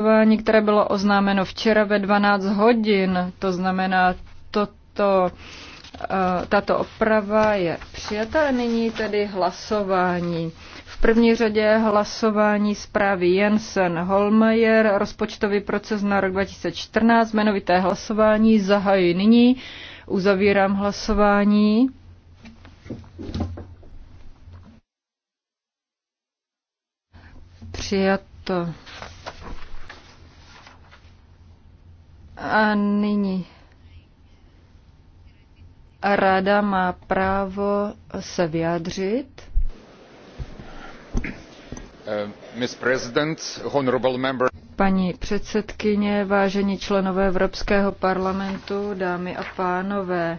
hlasování, které bylo oznámeno včera ve 12 hodin, to znamená, toto, eh, tato oprava je přijata. Nyní tedy hlasování. V první řadě hlasování zprávy Jensen Holmeyer, rozpočtový proces na rok 2014, jmenovité hlasování zahají nyní, uzavírám hlasování. Přijato. A nyní Rada má právo se vyjádřit. Uh, Paní předsedkyně, vážení členové Evropského parlamentu, dámy a pánové,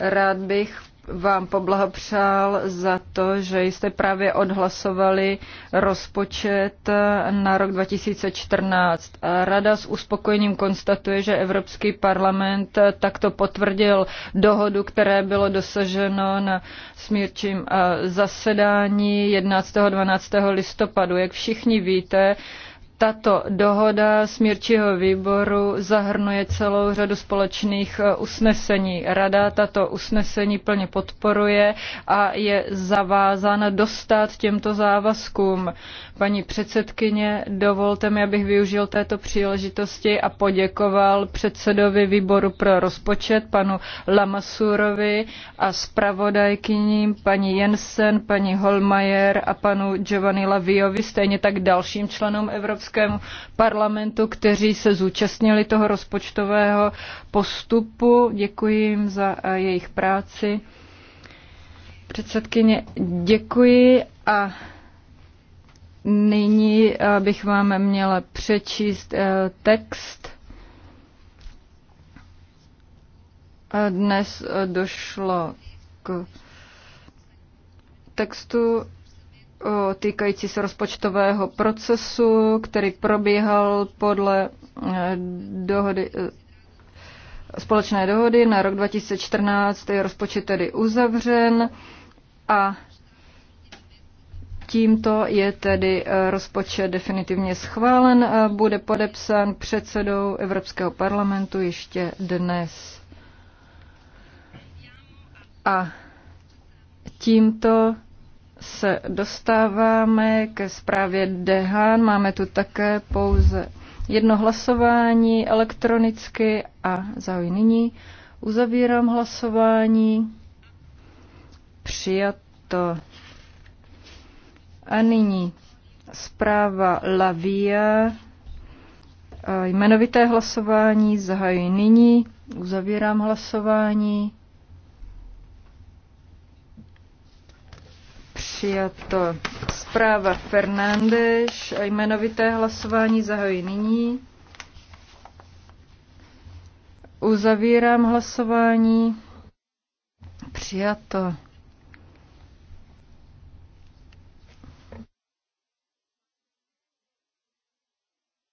rád bych vám poblahopřál za to, že jste právě odhlasovali rozpočet na rok 2014. A Rada s uspokojením konstatuje, že Evropský parlament takto potvrdil dohodu, které bylo dosaženo na smírčím eh, zasedání 11. 12. listopadu. Jak všichni víte, tato dohoda smírčího výboru zahrnuje celou řadu společných eh, usnesení. Rada tato usnesení plně podporuje a je zavázána dostat těmto závazkům. Paní předsedkyně, dovolte mi, abych využil této příležitosti a poděkoval předsedovi výboru pro rozpočet, panu Lamasurovi a zpravodajkyním paní Jensen, paní Holmajer a panu Giovanni Laviovi, stejně tak dalším členům Evropské Evropskému parlamentu, kteří se zúčastnili toho rozpočtového postupu. Děkuji jim za eh, jejich práci. Předsedkyně, děkuji a nyní eh, bych vám měla přečíst eh, text. Dnes došlo k textu týkající se rozpočtového procesu, který probíhal podle e, dohody, e, společné dohody na rok 2014. Je rozpočet tedy uzavřen a tímto je tedy e, rozpočet definitivně schválen a bude podepsán předsedou Evropského parlamentu ještě dnes. A tímto se dostáváme ke zprávě Dehan. Máme tu také pouze jedno hlasování elektronicky a zaují nyní. Uzavírám hlasování. Přijato. A nyní zpráva Lavia. Jmenovité hlasování zahajuji nyní. Uzavírám hlasování. přijato. Zpráva Fernández a jmenovité hlasování zahojí nyní. Uzavírám hlasování. Přijato.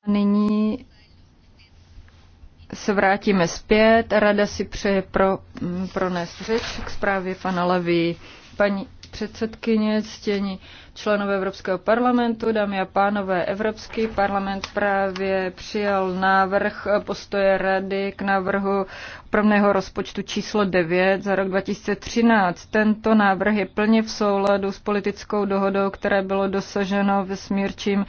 Nyní se vrátíme zpět. Rada si přeje pro, pronést řeč k zprávě pana Levy. Paní předsedkyně, ctění členové Evropského parlamentu, dámy a pánové, Evropský parlament právě přijal návrh postoje rady k návrhu opravného rozpočtu číslo 9 za rok 2013. Tento návrh je plně v souladu s politickou dohodou, které bylo dosaženo ve smírčím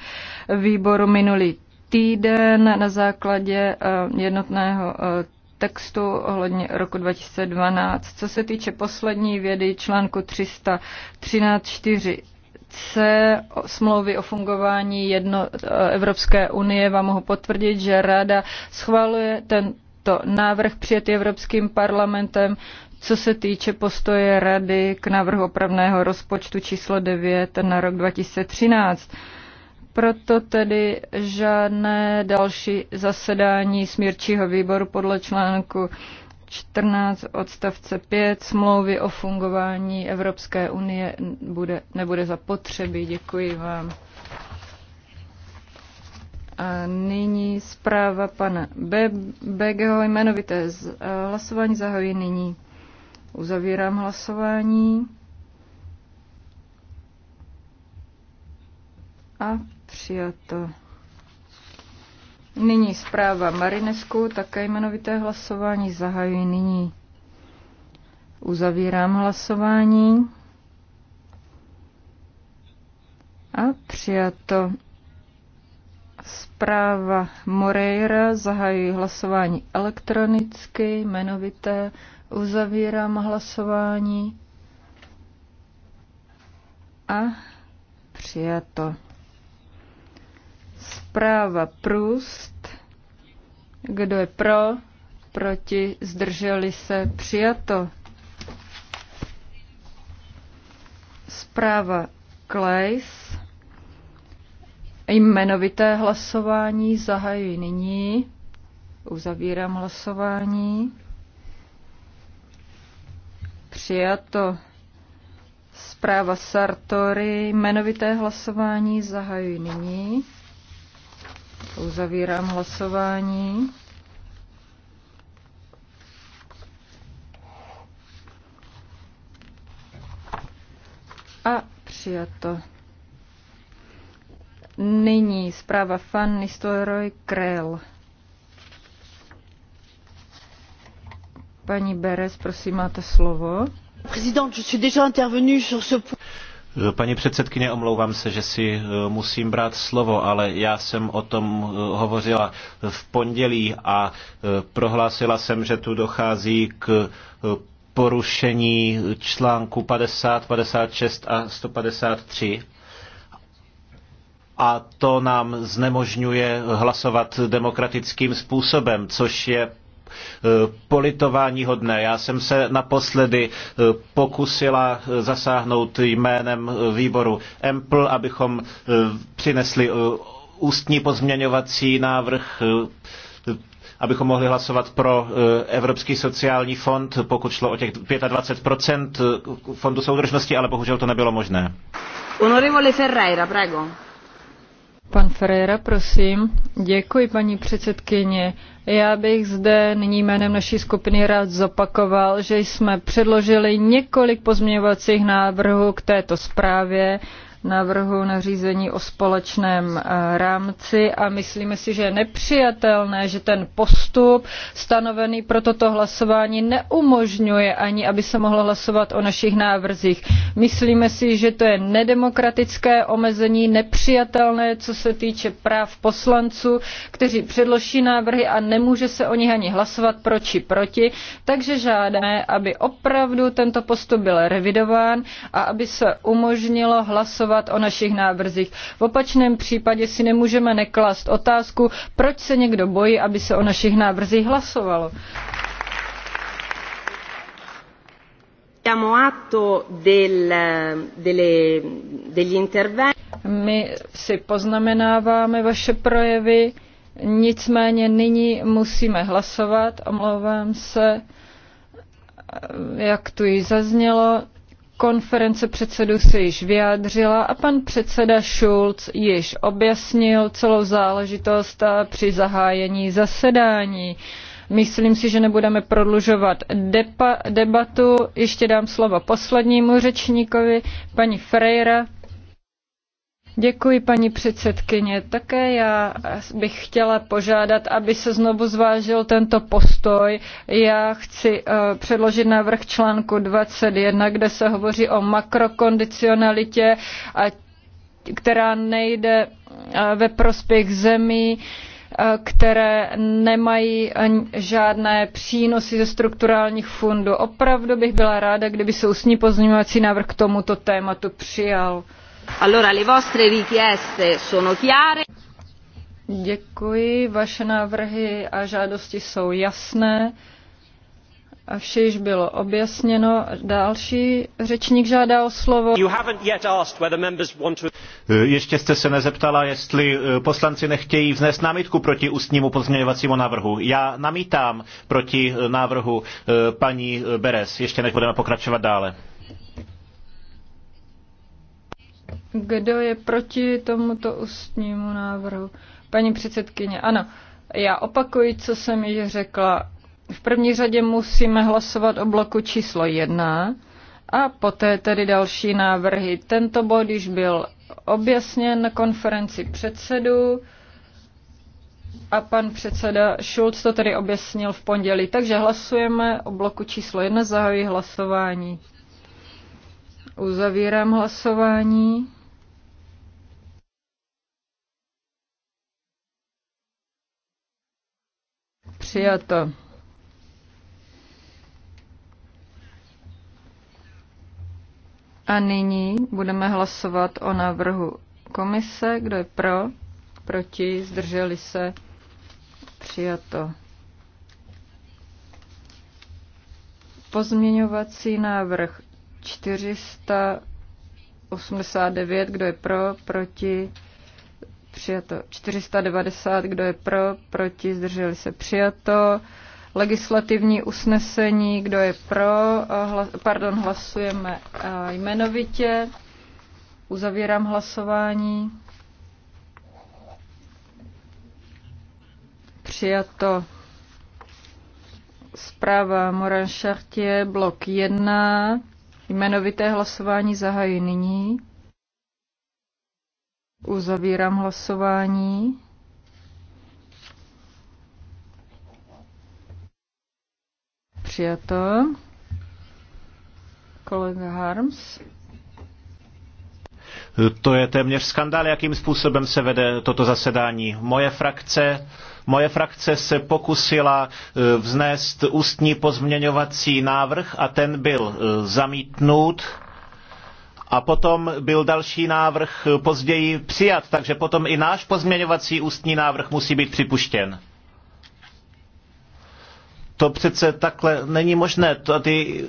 výboru minulý týden na základě eh, jednotného eh, textu ohledně roku 2012. Co se týče poslední vědy článku 313.4 C smlouvy o fungování jedno, eh, Evropské unie vám mohu potvrdit, že Rada schvaluje tento návrh přijet Evropským parlamentem, co se týče postoje Rady k návrhu opravného rozpočtu číslo 9 na rok 2013. Proto tedy žádné další zasedání smírčího výboru podle článku 14 odstavce 5 smlouvy o fungování Evropské unie bude, nebude potřeby. Děkuji vám. A nyní zpráva pana Be- Begeho jmenovité z, hlasování zahojí nyní. Uzavírám hlasování. A Přijato. Nyní zpráva Marinesku, také jmenovité hlasování zahajuji nyní. Uzavírám hlasování. A přijato zpráva Moreira, zahajuji hlasování elektronicky, jmenovité, uzavírám hlasování a přijato. Zpráva Prust. Kdo je pro? Proti? Zdrželi se? Přijato. Zpráva Klejs. Jmenovité hlasování zahajuji nyní. Uzavírám hlasování. Přijato. Zpráva Sartory. Jmenovité hlasování zahajuji nyní. Uzavírám hlasování. A přijato. Nyní zpráva Fan Nistelrooy Krell. Paní Beres, prosím, máte slovo. Prezident, je suis déjà intervenue sur ce point. Paní předsedkyně, omlouvám se, že si eh, musím brát slovo, ale já jsem o tom eh, hovořila v pondělí a eh, prohlásila jsem, že tu dochází k porušení článku 50, 56 a 153 a to nám znemožňuje hlasovat demokratickým způsobem, což je Eh, politování hodné. Já jsem se naposledy eh, pokusila eh, zasáhnout jménem výboru EMPL, abychom přinesli ústní pozměňovací návrh abychom mohli hlasovat pro Evropský sociální fond, pokud šlo o těch 25% fondu soudržnosti, ale bohužel to nebylo možné. Honorevole Ferreira, prego. Pan Ferreira, prosím. Děkuji, paní předsedkyně. Já bych zde nyní jménem naší skupiny rád zopakoval, že jsme předložili několik pozměňovacích návrhů k této zprávě návrhu nařízení o společném eh, rámci a myslíme si, že je nepřijatelné, že ten postup stanovený pro toto hlasování neumožňuje ani, aby se mohlo hlasovat o našich návrzích. Myslíme si, že to je nedemokratické omezení, nepřijatelné, co se týče práv poslanců, kteří předloží návrhy a nemůže se o nich ani hlasovat pro či proti, takže žádáme, aby opravdu tento postup byl revidován a aby se umožnilo hlasovat hlasovat o našich návrzích. V opačném případě si nemůžeme neklast otázku, proč se někdo bojí, aby se o našich návrzích hlasovalo. del, degli My si poznamenáváme vaše projevy, nicméně nyní musíme hlasovat, omlouvám se, jak tu již zaznělo, konference předsedů se již vyjádřila a pan předseda Schulz již objasnil celou záležitost eh, při zahájení zasedání. Myslím si, že nebudeme prodlužovat debatu. Ještě dám slovo poslednímu řečníkovi, paní Freire. Děkuji, paní předsedkyně. Také já bych chtěla požádat, aby se znovu zvážil tento postoj. Já chci uh, předložit návrh článku 21, kde se hovoří o makrokondicionalitě, a, která nejde uh, ve prospěch zemí, eh, které nemají žádné přínosy ze strukturálních fondů. Opravdu bych byla ráda, kdyby se ústní pozměňovací návrh k tomuto tématu přijal. Allora, le vostre richieste sono chiare. Děkuji, vaše návrhy a žádosti jsou jasné a vše již bylo objasněno. Další řečník žádá o slovo. E, ještě jste se nezeptala, jestli e, poslanci nechtějí vznést námitku proti ústnímu pozměňovacímu návrhu. Já namítám proti e, návrhu paní Beres, ještě než budeme pokračovat dále. Kdo je proti tomuto ústnímu návrhu? Paní předsedkyně, ano. Já opakuji, co jsem již řekla. V první řadě musíme hlasovat o bloku číslo jedna a poté tedy další návrhy. Tento bod již byl objasněn na konferenci předsedů a pan předseda Schulz to tedy objasnil v pondělí. Takže hlasujeme o bloku číslo jedna, zahajuji hlasování. Uzavírám hlasování. Přijato. A nyní budeme hlasovat o návrhu komise. Kdo je pro? Proti? Zdrželi se? Přijato. Pozměňovací návrh 489, kdo je pro, proti, přijato. 490, kdo je pro, proti, zdrželi se, přijato. Legislativní usnesení, kdo je pro, hla, pardon, hlasujeme jmenovitě. Uzavírám hlasování. Přijato zpráva Moran Chartier, blok 1, Jmenovité hlasování zahají nyní. Uzavírám hlasování. Přijato. Kolega Harms. To je téměř skandál, jakým způsobem se vede toto zasedání. Moje frakce Moje frakce se pokusila e, vznést ústní pozměňovací návrh a ten byl e, zamítnut. A potom byl další návrh e, později přijat, takže potom i náš pozměňovací ústní návrh musí být připuštěn. To přece takhle není možné. To, ty,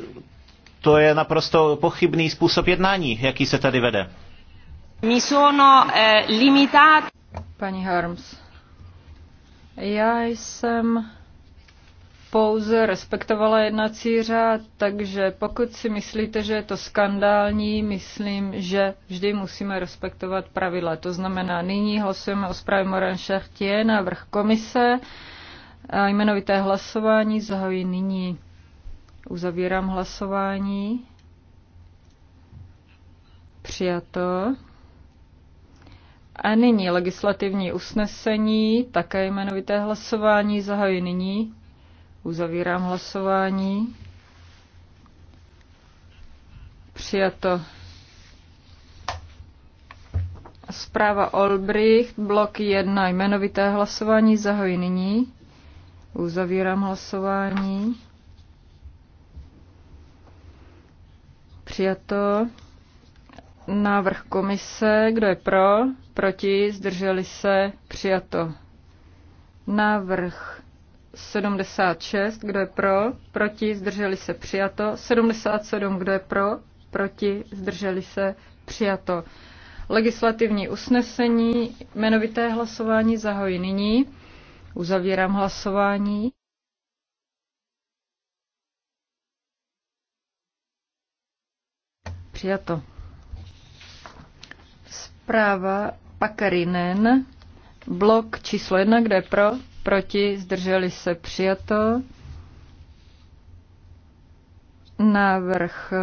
to je naprosto pochybný způsob jednání, jaký se tady vede. Eh, Paní Harms, já jsem pouze respektovala jednací řád, takže pokud si myslíte, že je to skandální, myslím, že vždy musíme respektovat pravidla. To znamená, nyní hlasujeme o zprávě Moran Šachtě, návrh komise, a jmenovité hlasování zahojí nyní. Uzavírám hlasování. Přijato. A nyní legislativní usnesení, také jmenovité hlasování, zahají nyní. Uzavírám hlasování. Přijato. Zpráva Olbricht, blok 1, jmenovité hlasování, zahají nyní. Uzavírám hlasování. Přijato. Návrh komise, kdo je pro, proti, zdrželi se, přijato. Návrh 76, kdo je pro, proti, zdrželi se, přijato. 77, kdo je pro, proti, zdrželi se, přijato. Legislativní usnesení, jmenovité hlasování zahoji nyní. Uzavírám hlasování. Přijato. Zpráva Pakarinen, blok číslo jedna, kde pro, proti, zdrželi se přijato. Návrh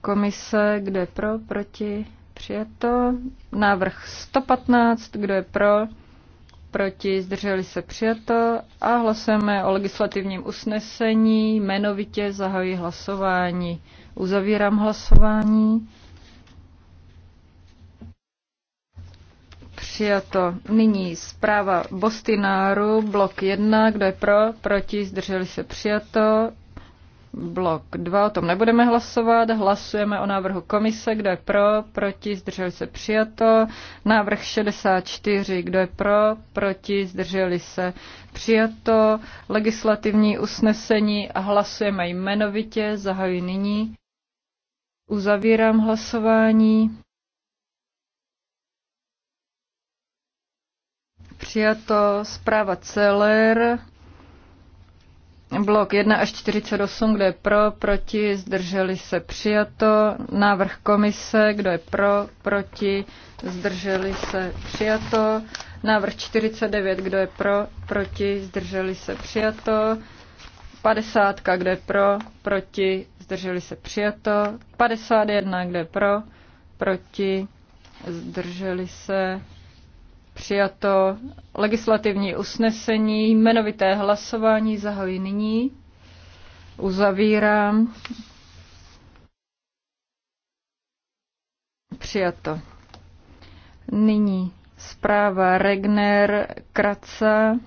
komise, kde pro, proti, přijato. Návrh 115, kde je pro, proti, zdrželi se přijato. A hlasujeme o legislativním usnesení, jmenovitě zahají hlasování. Uzavírám hlasování. Přijato. Nyní zpráva Bostináru, blok 1, kdo je pro, proti, zdrželi se přijato. Blok 2, o tom nebudeme hlasovat. Hlasujeme o návrhu komise, kdo je pro, proti, zdrželi se přijato. Návrh 64, kdo je pro, proti, zdrželi se přijato. Legislativní usnesení a hlasujeme jmenovitě, zahajuji nyní. Uzavírám hlasování. Přijato zpráva Celer, blok 1 až 48, kdo je pro, proti, zdrželi se přijato. Návrh komise, kdo je pro, proti, zdrželi se přijato. Návrh 49, kdo je pro, proti, zdrželi se přijato. 50, kdo je pro, proti, zdrželi se přijato. 51, kdo je pro, proti, zdrželi se Přijato legislativní usnesení, jmenovité hlasování zahojí nyní. Uzavírám. Přijato. Nyní zpráva Regner Kraca.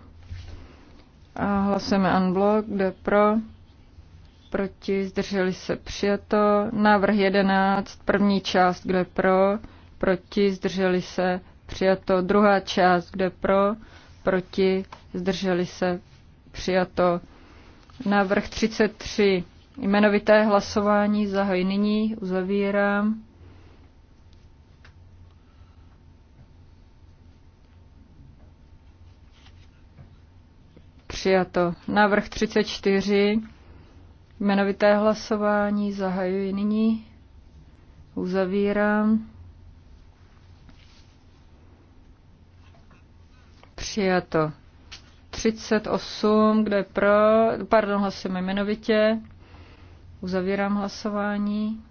A hlasujeme unblock, kde pro, proti, zdrželi se přijato. Návrh 11, první část, kde pro, proti, zdrželi se přijato. Druhá část, kde pro, proti, zdrželi se, přijato. Návrh 33. Jmenovité hlasování zahoj nyní, uzavírám. Přijato. Návrh 34. Jmenovité hlasování zahajuji nyní. Uzavírám. Přijato. 38, kdo je pro? Pardon, hlasujeme jmenovitě. Uzavírám hlasování.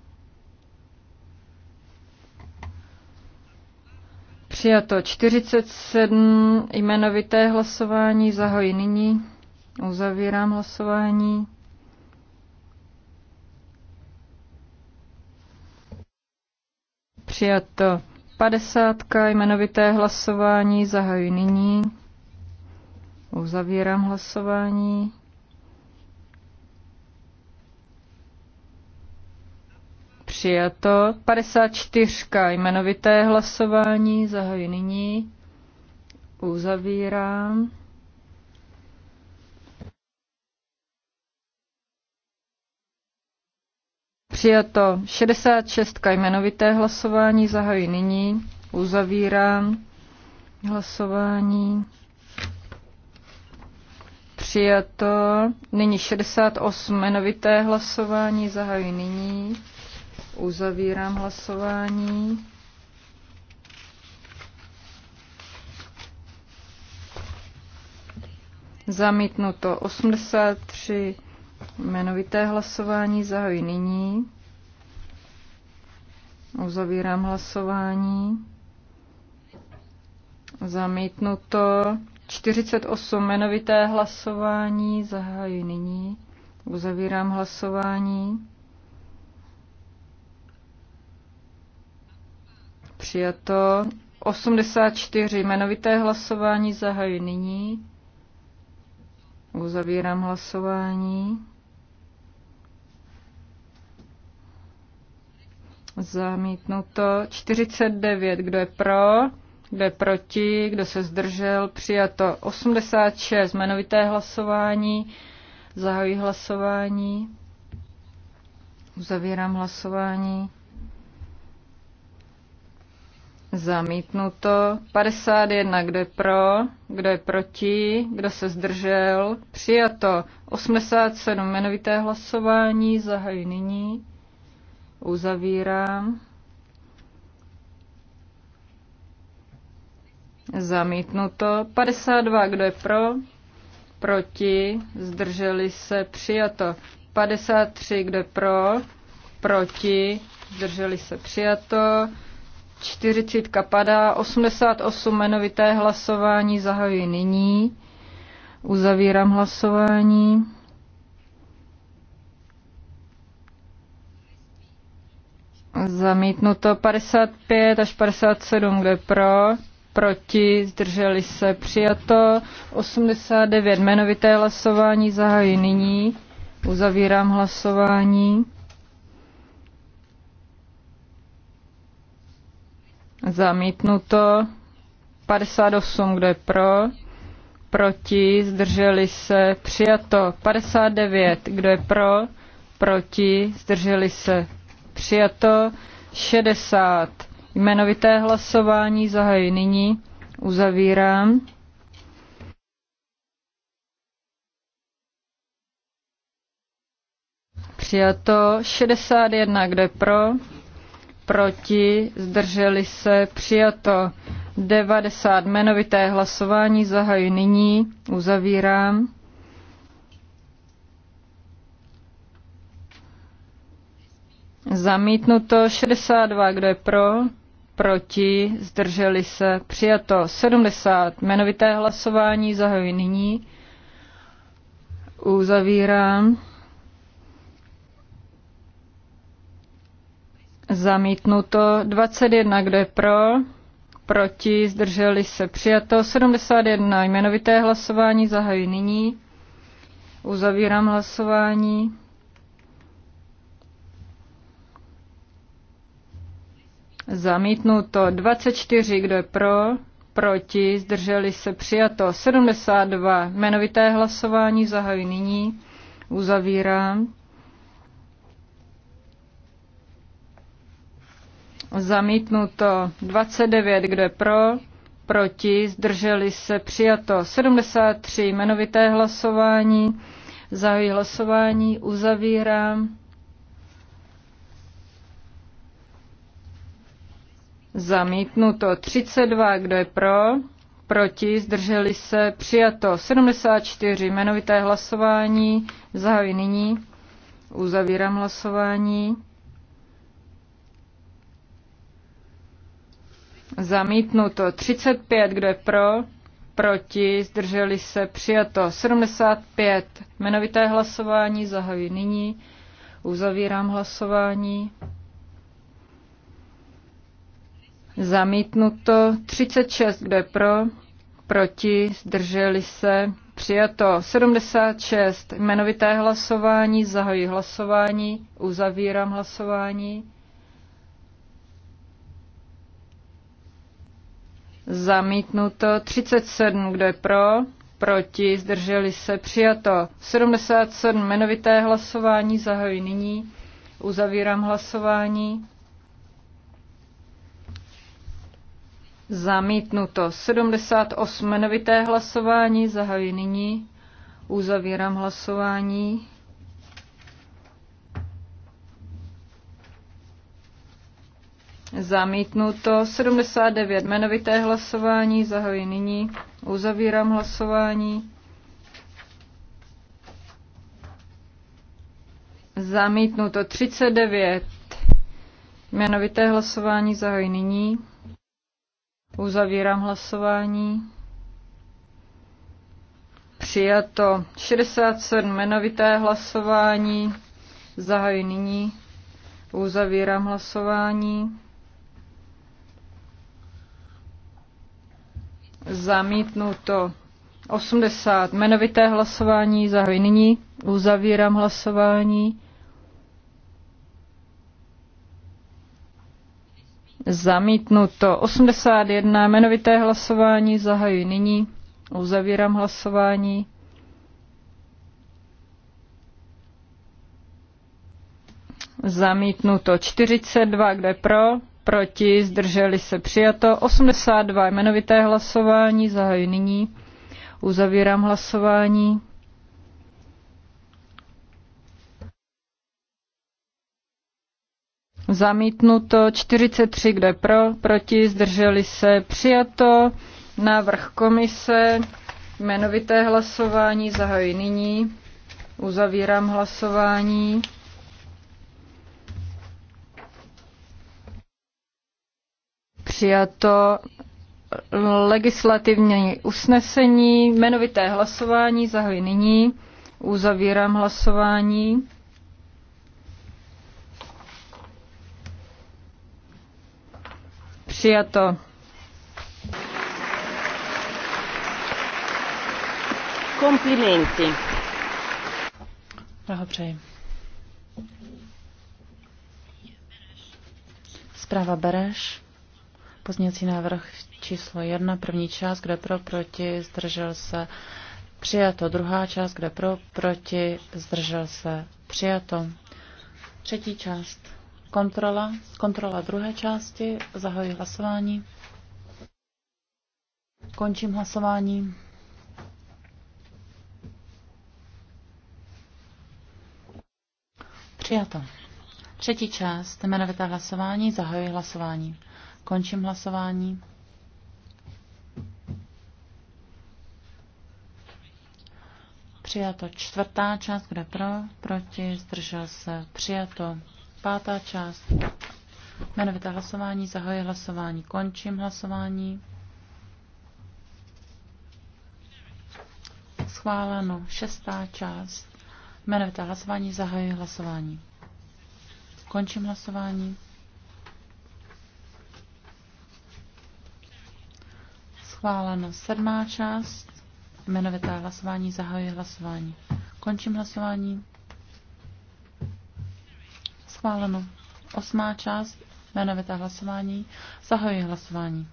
Přijato 47 jmenovité hlasování, zahoji nyní, uzavírám hlasování. Přijato 50, jmenovité hlasování zahajuji nyní. Uzavírám hlasování. Přijato. 54. Jmenovité hlasování zahajuji nyní. Uzavírám. Přijato 66 jmenovité hlasování, zahají nyní, uzavírám hlasování. Přijato. Nyní 68 jmenovité hlasování, zahají nyní, uzavírám hlasování. Zamítnuto 83 Jmenovité hlasování zahoj nyní. Uzavírám hlasování. Zamítnuto. 48 jmenovité hlasování zahájí nyní. Uzavírám hlasování. Přijato. 84 jmenovité hlasování zahájí nyní. Uzavírám hlasování. Zamítnuto. 49, kdo je pro, kdo je proti, kdo se zdržel, přijato. 86, jmenovité hlasování, zahajuji hlasování, uzavírám hlasování. Zamítnuto. 51, kdo je pro, kdo je proti, kdo se zdržel. Přijato 87 jmenovité hlasování, zahajuji nyní. Uzavírám. Zamítnuto. 52, kdo je pro? Proti. Zdrželi se. Přijato. 53, kdo je pro? Proti. Zdrželi se. Přijato. 40 padá. 88 jmenovité hlasování zahajuji nyní. Uzavírám hlasování. Zamítnuto 55 až 57, kde pro, proti, zdrželi se, přijato 89, jmenovité hlasování zahají nyní, uzavírám hlasování. Zamítnuto 58, kde pro, proti, zdrželi se, přijato 59, kdo je pro, proti, zdrželi se, Přijato 60. Jmenovité hlasování zahají nyní. Uzavírám. Přijato 61. Kde pro? Proti? Zdrželi se? Přijato 90. Jmenovité hlasování zahají nyní. Uzavírám. Zamítnuto 62, kdo je pro, proti, zdrželi se, přijato 70. Jmenovité hlasování zahajuji nyní. Uzavírám. Zamítnuto 21, kdo je pro, proti, zdrželi se, přijato 71. Jmenovité hlasování zahajuji nyní. Uzavírám hlasování. Zamítnuto 24, kdo je pro, proti, zdrželi se přijato 72. Jmenovité hlasování zahajuji nyní, uzavírám. Zamítnuto 29, kdo je pro, proti, zdrželi se přijato 73. Jmenovité hlasování zahajuji hlasování, uzavírám. Zamítnuto 32, kdo je pro? Proti, zdrželi se, přijato 74, jmenovité hlasování, zahajuji nyní, uzavírám hlasování. Zamítnuto 35, kdo je pro? Proti, zdrželi se, přijato 75, jmenovité hlasování, zahajuji nyní, uzavírám hlasování. Zamítnuto 36, kde pro, proti, zdrželi se, přijato 76, jmenovité hlasování, zahoji hlasování, uzavírám hlasování. Zamítnuto 37, kdo je pro, proti, zdrželi se, přijato 77, jmenovité hlasování, zahoji nyní, uzavírám hlasování. Zamítnuto. 78 jmenovité hlasování zahajuji nyní. Uzavírám hlasování. Zamítnuto. 79 jmenovité hlasování zahajuji nyní. Uzavírám hlasování. Zamítnuto. 39 jmenovité hlasování zahajuji nyní. Uzavírám hlasování. Přijato 67 jmenovité hlasování. Zahajuji nyní. Uzavírám hlasování. Zamítnuto 80 jmenovité hlasování. Zahajuji nyní. Uzavírám hlasování. Zamítnuto. 81. Jmenovité hlasování zahajuji nyní. Uzavírám hlasování. Zamítnuto 42, kde pro, proti, zdrželi se přijato. 82 jmenovité hlasování, zahajuji nyní. Uzavírám hlasování. Zamítnuto 43, kde pro, proti, zdrželi se, přijato. Návrh komise, jmenovité hlasování, zahají nyní. Uzavírám hlasování. Přijato legislativní usnesení, jmenovité hlasování, zahají nyní. Uzavírám hlasování. Přijato. Komplimenty. Blahopřeji. Zpráva Bereš. Pozněcí návrh číslo jedna, první část, kde pro, proti, zdržel se, přijato. Druhá část, kde pro, proti, zdržel se, přijato. Třetí část. Kontrola, kontrola druhé části, zahajuji hlasování. Končím hlasování. Přijato. Třetí část, jmenovité hlasování, zahajuji hlasování. Končím hlasování. Přijato čtvrtá část, kde pro, proti, zdržel se, přijato. Pátá část. Jmenovité hlasování, zahoje hlasování, končím hlasování. Schváleno. Šestá část. Jmenovité hlasování, zahoje hlasování. Končím hlasování. Schváleno. Sedmá část. Jmenovité hlasování, zahoje hlasování. Končím hlasování. Schváleno. Osmá část, jmenovité hlasování. Zahajuji hlasování.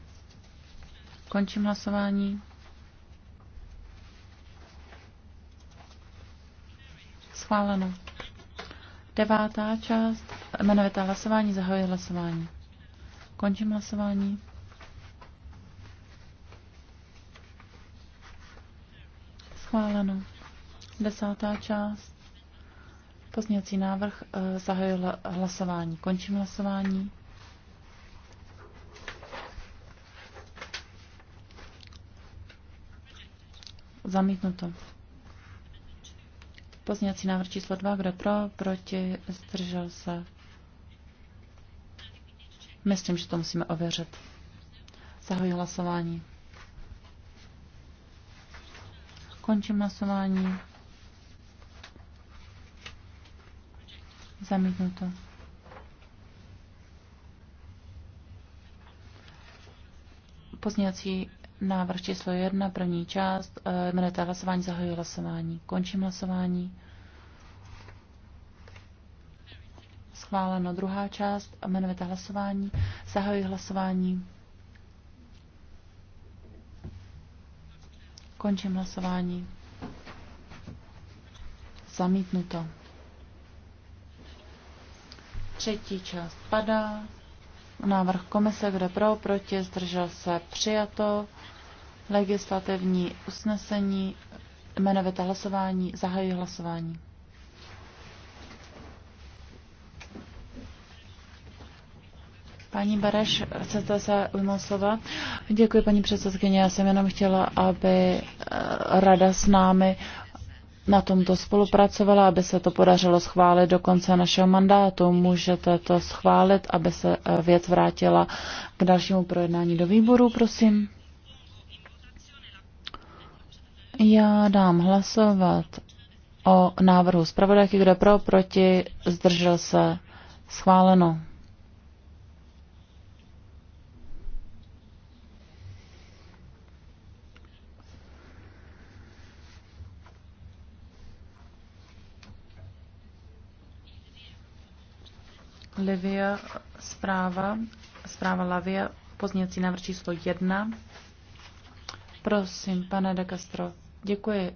Končím hlasování. Schváleno. Devátá část, jmenovité hlasování, zahajuji hlasování. Končím hlasování. Schváleno. Desátá část. Pozměňovací návrh eh, zahajil hlasování. Končím hlasování. Zamítnuto. Pozměňovací návrh číslo 2. Kdo pro? Proti? Zdržel se? Myslím, že to musíme ověřit. Zahajuji hlasování. Končím hlasování. Zamítnuto. Pozněcí návrh číslo 1, první část, eh, jmenujete hlasování, zahajuji hlasování. Končím hlasování. Schváleno druhá část, jmenujete hlasování, zahajuji hlasování. Končím hlasování. Zamítnuto. Třetí část padá. Návrh komise, kde pro, proti, zdržel se, přijato. Legislativní usnesení, jmenovité hlasování, zahají hlasování. Paní Bereš, chcete se ujmout slova? Děkuji, paní předsedkyně. Já jsem jenom chtěla, aby eh, rada s námi na tomto spolupracovala, aby se to podařilo schválit do konce našeho mandátu. Můžete to schválit, aby se eh, věc vrátila k dalšímu projednání do výboru, prosím. Já dám hlasovat o návrhu zpravodajky, kde pro, proti, zdržel se, schváleno. Livia zpráva, zpráva Lavia, pozněcí návrh číslo 1. Prosím, pane de Castro. Děkuji, eh,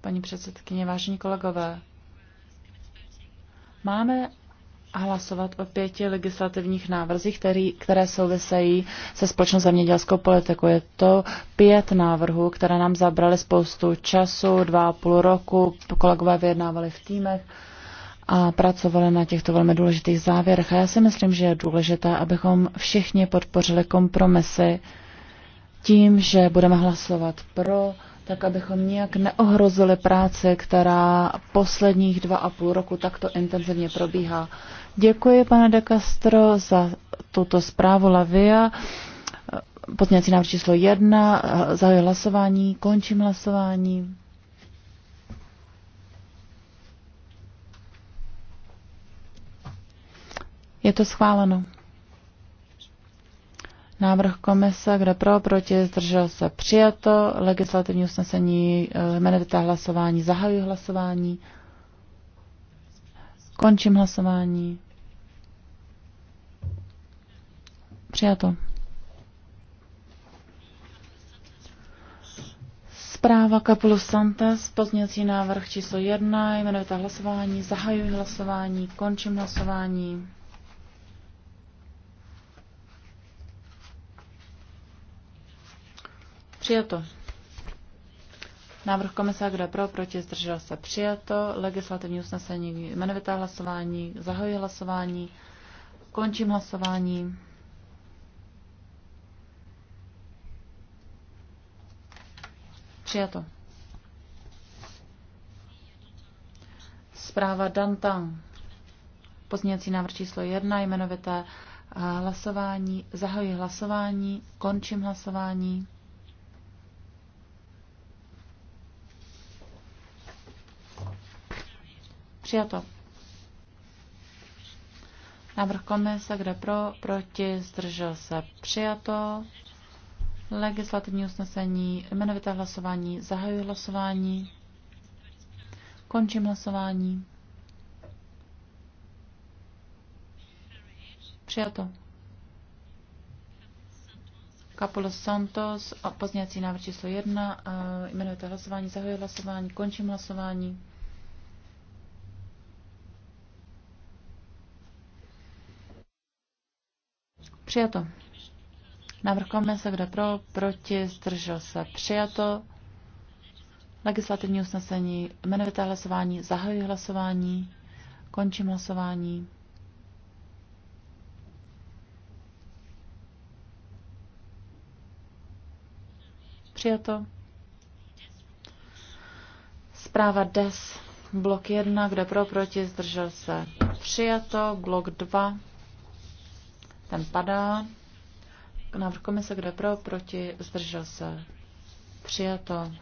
paní předsedkyně, vážení kolegové. Máme hlasovat o pěti legislativních návrzích, který, které souvisejí se společnou zemědělskou politikou. Je to pět návrhů, které nám zabrali spoustu času, dva a půl roku, kolegové vyjednávali v týmech. Uh, a pracovali na těchto velmi důležitých závěrech. A já si myslím, že je důležité, abychom všichni podpořili kompromisy tím, že budeme hlasovat pro, tak abychom nijak neohrozili práci, která posledních dva a půl roku takto intenzivně probíhá. Děkuji, pane de Castro, za tuto zprávu Lavia. Podněcí návrh číslo jedna, zahajuji hlasování, končím hlasování. Je to schváleno. Návrh komise, kde pro, proti, zdržel se, přijato. Legislativní usnesení, eh, jmenujete hlasování, zahajuji hlasování. Končím hlasování. Přijato. Zpráva Kapulu Santes, pozněcí návrh číslo 1, jmenujete hlasování, zahajuji hlasování, končím hlasování. Přijato. Návrh komise, kdo pro, proti, zdržel se, přijato. Legislativní usnesení, jmenovitá hlasování, zahajuji hlasování, končím hlasování. Přijato. Zpráva Dantan. Pozměňovací návrh číslo 1, jmenovité eh, hlasování, zahajuji hlasování, končím hlasování. Přijato. Návrh komise, kde pro, proti, zdržel se. Přijato. Legislativní usnesení, jmenovité hlasování, zahajuji hlasování, končím hlasování. Přijato. Capulos Santos, pozněcí návrh číslo 1, eh, jmenujete hlasování, zahajuje hlasování, končím hlasování. Přijato. Návrh komise, kdo pro, proti, zdržel se. Přijato. Legislativní usnesení, jmenovité hlasování, zahajuji hlasování, končím hlasování. Přijato. Zpráva DES. Blok 1, kde pro, proti, zdržel se. Přijato. Blok 2 ten padá. Návrh komise, kde pro, proti, zdržel se. Přijato.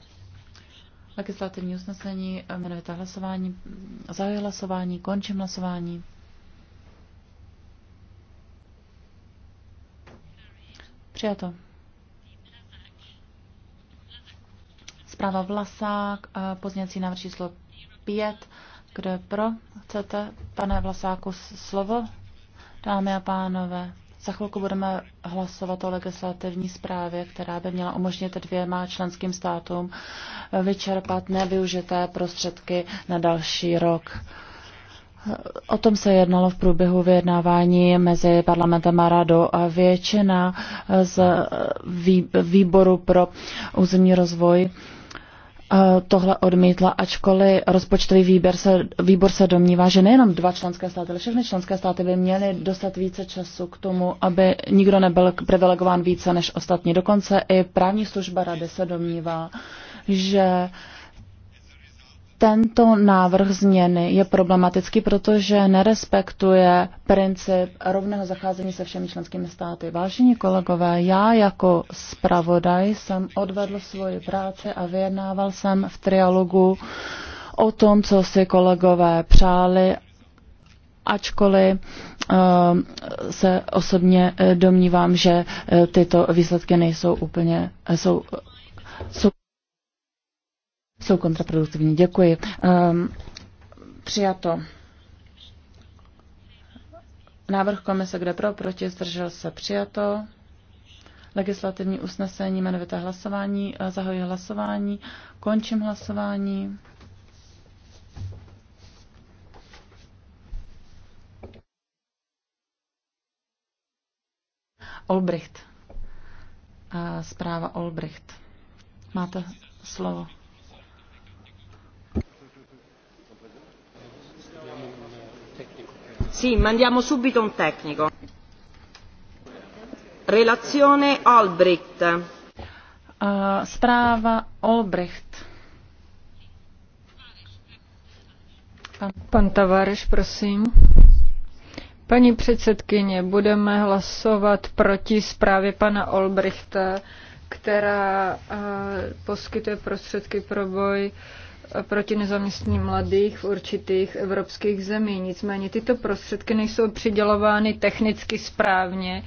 Legislativní usnesení, jmenovité hlasování, zahajuji hlasování, končím hlasování. Přijato. Zpráva Vlasák, eh, pozněcí návrh číslo 5. Kdo je pro? Chcete, pane Vlasáku, slovo? Dámy a pánové, za chvilku budeme hlasovat o legislativní zprávě, která by měla umožnit dvěma členským státům vyčerpat nevyužité prostředky na další rok. O tom se jednalo v průběhu vyjednávání mezi parlamentem a radou a většina z výboru pro územní rozvoj Eh, tohle odmítla, ačkoliv rozpočtový výběr se, výbor se domnívá, že nejenom dva členské státy, ale všechny členské státy by měly dostat více času k tomu, aby nikdo nebyl privilegován více než ostatní. Dokonce i právní služba rady se domnívá, že uh, tento návrh změny je problematický, protože nerespektuje princip rovného zacházení se všemi členskými státy. Vážení kolegové, já jako zpravodaj jsem odvedl svoji práci a vyjednával jsem v trialogu o tom, co si kolegové přáli, ačkoliv eh, se osobně eh, domnívám, že eh, tyto výsledky nejsou úplně jsou, jsou jsou kontraproduktivní. Děkuji. Um, přijato. Návrh komise, kde pro, proti, zdržel se, přijato. Legislativní usnesení, jmenovité hlasování, e, zahoji hlasování, končím hlasování. Olbricht. E, zpráva Olbricht. Máte slovo. Sì, mandiamo subito un tecnico. Relazione Albrecht. Uh, eh, zpráva Albrecht. Pan, Tavares, prosím. Paní předsedkyně, budeme hlasovat proti zprávě pana Olbrichta, která uh, poskytuje prostředky pro boj uh, proti nezaměstní mladých v určitých evropských zemí. Nicméně tyto prostředky nejsou přidělovány technicky správně.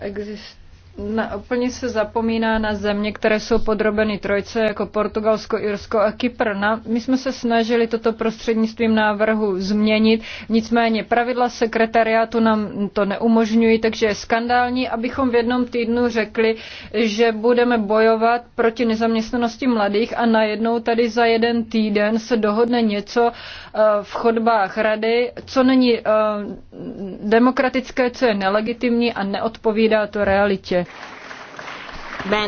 Existují na, úplně se zapomíná na země, které jsou podrobeny trojce, jako Portugalsko, Irsko a Kypr. Na, my jsme se snažili toto prostřednictvím návrhu změnit, nicméně pravidla sekretariátu nám to neumožňují, takže je skandální, abychom v jednom týdnu řekli, že budeme bojovat proti nezaměstnanosti mladých a najednou tady za jeden týden se dohodne něco uh, v chodbách rady, co není uh, demokratické, co je nelegitimní a neodpovídá to realitě. 2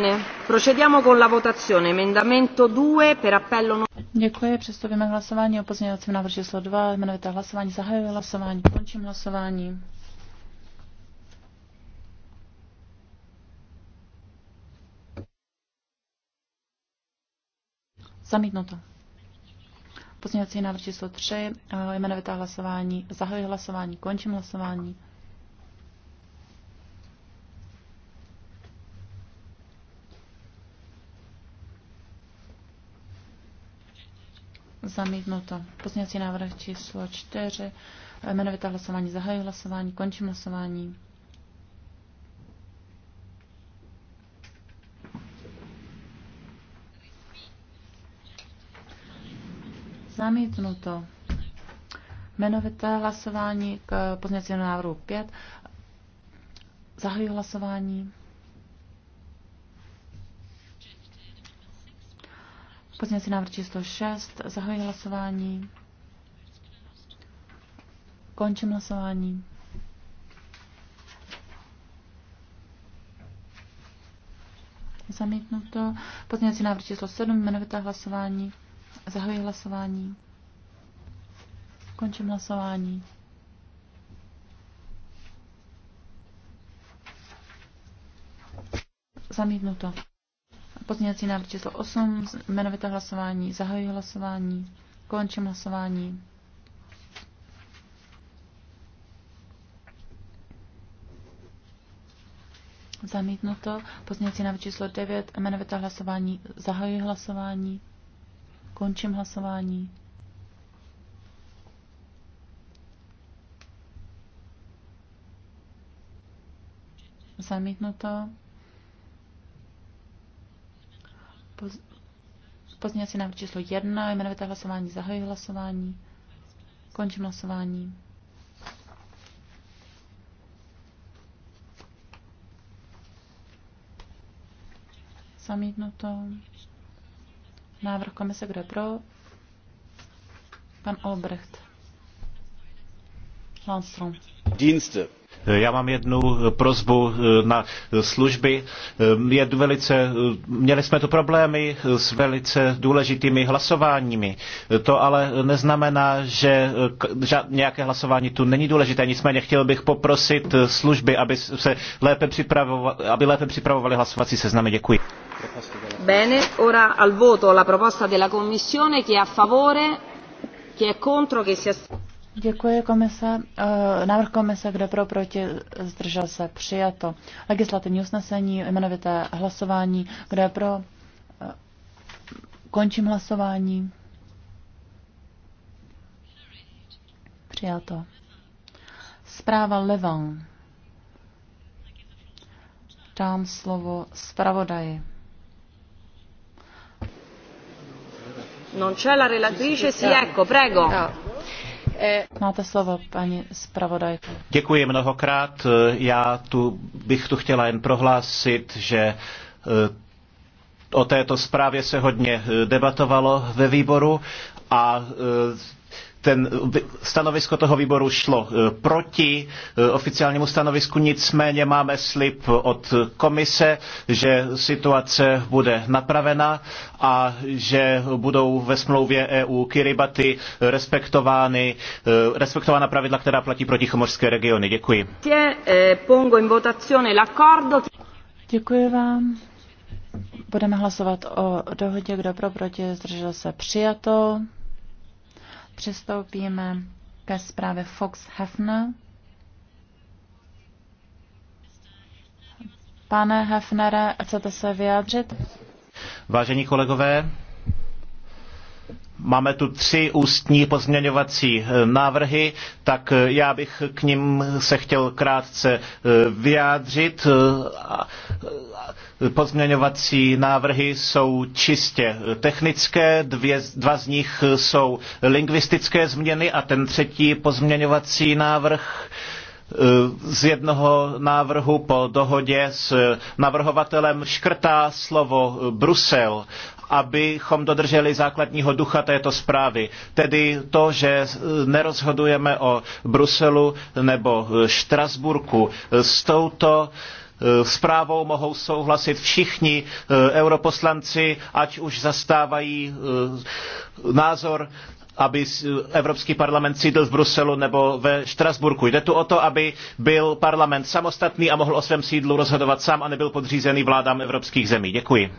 appello... Děkuji, přistoupíme k hlasování o pozměňovacím návrhu číslo 2. Jmenovité hlasování, zahajuji hlasování, končím hlasování. Zamítnuto. Pozměňovací návrh číslo 3, eh, jmenovité hlasování, zahajuji hlasování, končím hlasování. Zamítnuto. Pozměňovací návrh číslo 4. Jmenovité hlasování. zahají hlasování. Končím hlasování. Zamítnuto. Jmenovité hlasování k pozměňovacímu návrhu 5. Zahajuji hlasování. Pozměňovací návrh číslo 6. Zahajuji hlasování. Končím hlasování. Zamítnuto. Pozměňovací návrh číslo 7. Jmenovité hlasování. Zahajuji hlasování. Končím hlasování. Zamítnuto. Pozměňovací návrh číslo 8, jmenovité hlasování, zahajuji hlasování, končím hlasování. Zamítnuto. Pozměňovací návrh číslo 9, jmenovité hlasování, zahajuji hlasování, končím hlasování. Zamítnuto. Poz... Pozměňovací návrh číslo 1, jmenovité hlasování, zahajuji hlasování, končím hlasování. Zamítnuto. Návrh komise, kdo je pro? Pan Albrecht. Landstrom. Dienste já mám jednu eh, prozbu eh, na eh, služby. Je velice, měli jsme tu problémy s velice důležitými hlasováními. To ale neznamená, že nějaké hlasování tu není důležité. Nicméně chtěl bych poprosit služby, aby se lépe, připravovali, aby lépe připravovali hlasovací seznamy. Děkuji. Bene, ora al voto la proposta della Commissione che è a favore, che è contro, che si è. Děkuji komise. Eh, návrh komise, kde pro proti zdržel se přijato. Legislativní usnesení, jmenovité hlasování, kde pro eh, končím hlasování. Přijato. Zpráva Levan. Dám slovo zpravodaji. Non c'è la relatrice, si ecco, prego. No. Máte slovo, paní zpravodajko. Děkuji mnohokrát. Já tu bych tu chtěla jen prohlásit, že e, o této zprávě se hodně e, debatovalo ve výboru a e, ten stanovisko toho výboru šlo e, proti e, oficiálnímu stanovisku, nicméně máme slib od komise, že situace bude napravena a že budou ve smlouvě EU Kiribati respektovány, e, respektována pravidla, která platí pro tichomorské regiony. Děkuji. Děkuji vám. Budeme hlasovat o dohodě, kdo pro, proti, zdržel se přijato. Přistoupíme ke zprávě Fox Hefner. Pane Hefnere, chcete se vyjádřit? Vážení kolegové, Máme tu tři ústní pozměňovací eh, návrhy, tak eh, já bych k ním se chtěl krátce eh, vyjádřit. Pozměňovací návrhy jsou čistě technické, dvě, dva z nich jsou lingvistické změny a ten třetí pozměňovací návrh z jednoho návrhu po dohodě s navrhovatelem škrtá slovo Brusel abychom dodrželi základního ducha této zprávy. Tedy to, že nerozhodujeme o Bruselu nebo Štrasburku. S touto eh, zprávou mohou souhlasit všichni eh, europoslanci, ať už zastávají eh, názor aby Evropský parlament sídl v Bruselu nebo ve Štrasburku. Jde tu o to, aby byl parlament samostatný a mohl o svém sídlu rozhodovat sám a nebyl podřízený vládám evropských zemí. Děkuji.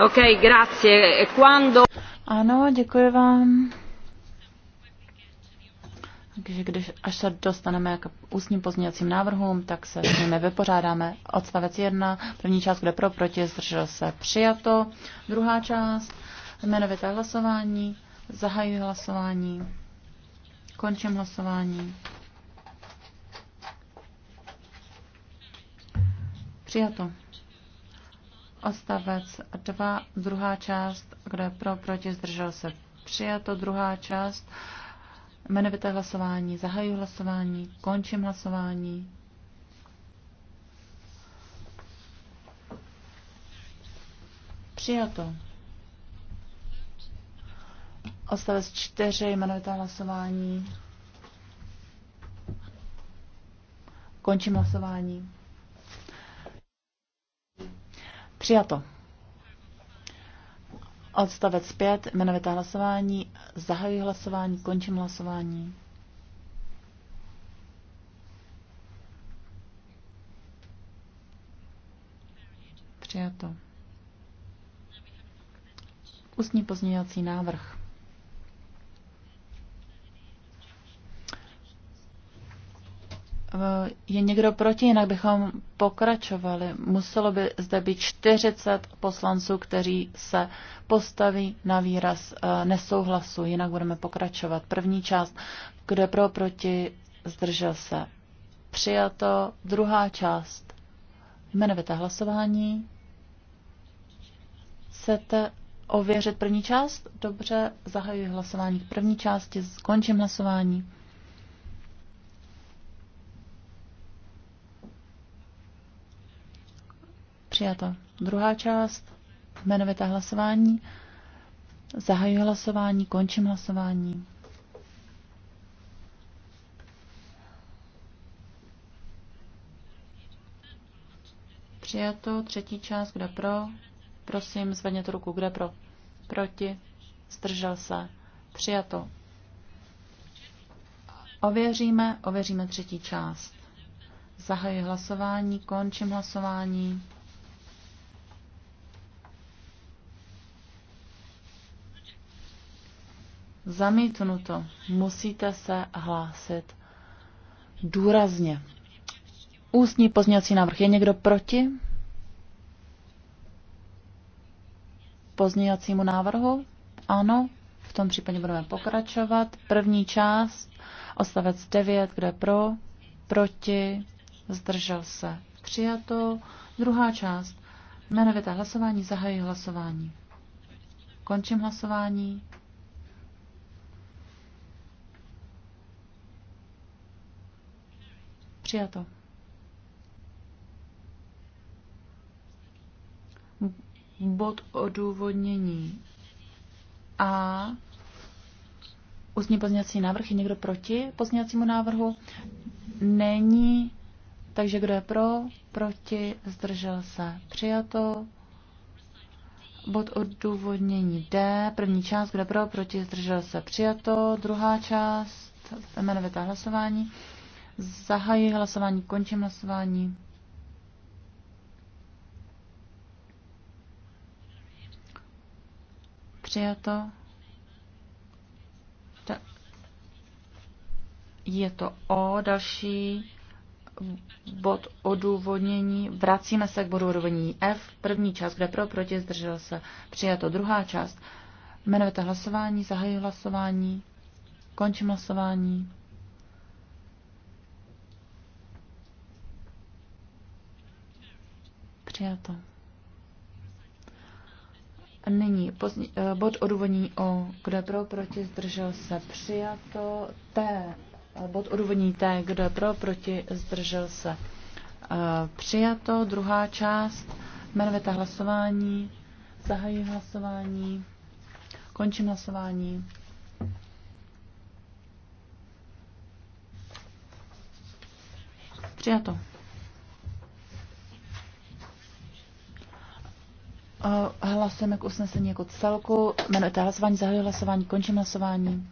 Okay, grazie. E quando... Ano, děkuji vám. Takže když až se dostaneme k ústním pozměňovacím návrhům, tak se s nimi vypořádáme. Odstavec 1, první část, kde pro, proti, zdržel se, přijato. Druhá část, jmenovité hlasování, zahajuji hlasování, končím hlasování. Přijato. Odstavec 2, druhá část, kdo je pro, proti, zdržel se. Přijato druhá část, jmenovité hlasování, zahajuji hlasování, končím hlasování. Přijato. Odstavec 4, jmenovité hlasování. Končím hlasování. Přijato. Odstavec 5, jmenovité hlasování, zahajuji hlasování, končím hlasování. Přijato. Ústní pozměňovací návrh. je někdo proti, jinak bychom pokračovali. Muselo by zde být 40 poslanců, kteří se postaví na výraz e, nesouhlasu, jinak budeme pokračovat. První část, kdo pro, proti, zdržel se. Přijato. Druhá část, jmenovité hlasování. Chcete ověřit první část? Dobře, zahajuji hlasování v první části, skončím hlasování. Přijato. Druhá část, jmenovité hlasování. Zahajuji hlasování, končím hlasování. Přijato. Třetí část, kde pro? Prosím, zvedněte ruku, kde pro? Proti? Zdržel se. Přijato. Ověříme, ověříme třetí část. Zahajuji hlasování, končím hlasování. Zamítnuto. Musíte se hlásit důrazně. Ústní pozměňovací návrh. Je někdo proti pozměňovacímu návrhu? Ano. V tom případě budeme pokračovat. První část, odstavec 9, kde pro, proti, zdržel se, přijato. Druhá část, jmenovité hlasování, zahají hlasování. Končím hlasování. Přijato. Bod odůvodnění A. Ústní pozměňovací návrh. Je někdo proti pozměňovacímu návrhu? Není. Takže kdo je pro? Proti? Zdržel se? Přijato. Bod odůvodnění D. První část, kdo pro? Proti? Zdržel se? Přijato. Druhá část, jmenovitá hlasování. Zahajuji hlasování, končím hlasování. Přijato. Je to O, další bod odůvodnění. Vracíme se k bodu odůvodnění F. První část, kde pro, proti, zdržel se. Přijato druhá část. Jmenujete hlasování, zahajuji hlasování, končím hlasování. Přijato. Nyní pozdě, eh, bod odůvodní O, kde pro, proti, zdržel se, přijato. T, eh, bod odůvodní T, kde pro, proti, zdržel se, eh, přijato. Druhá část, jmenovité hlasování, zahajuji hlasování, končím hlasování. Přijato. Eh, hlasujeme k usnesení jako celku. Jmenujete hlasování, zahajuji hlasování, končím hlasování.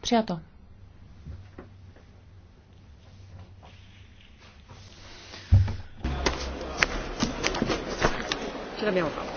Přijato. Ce l'abbiamo fatto.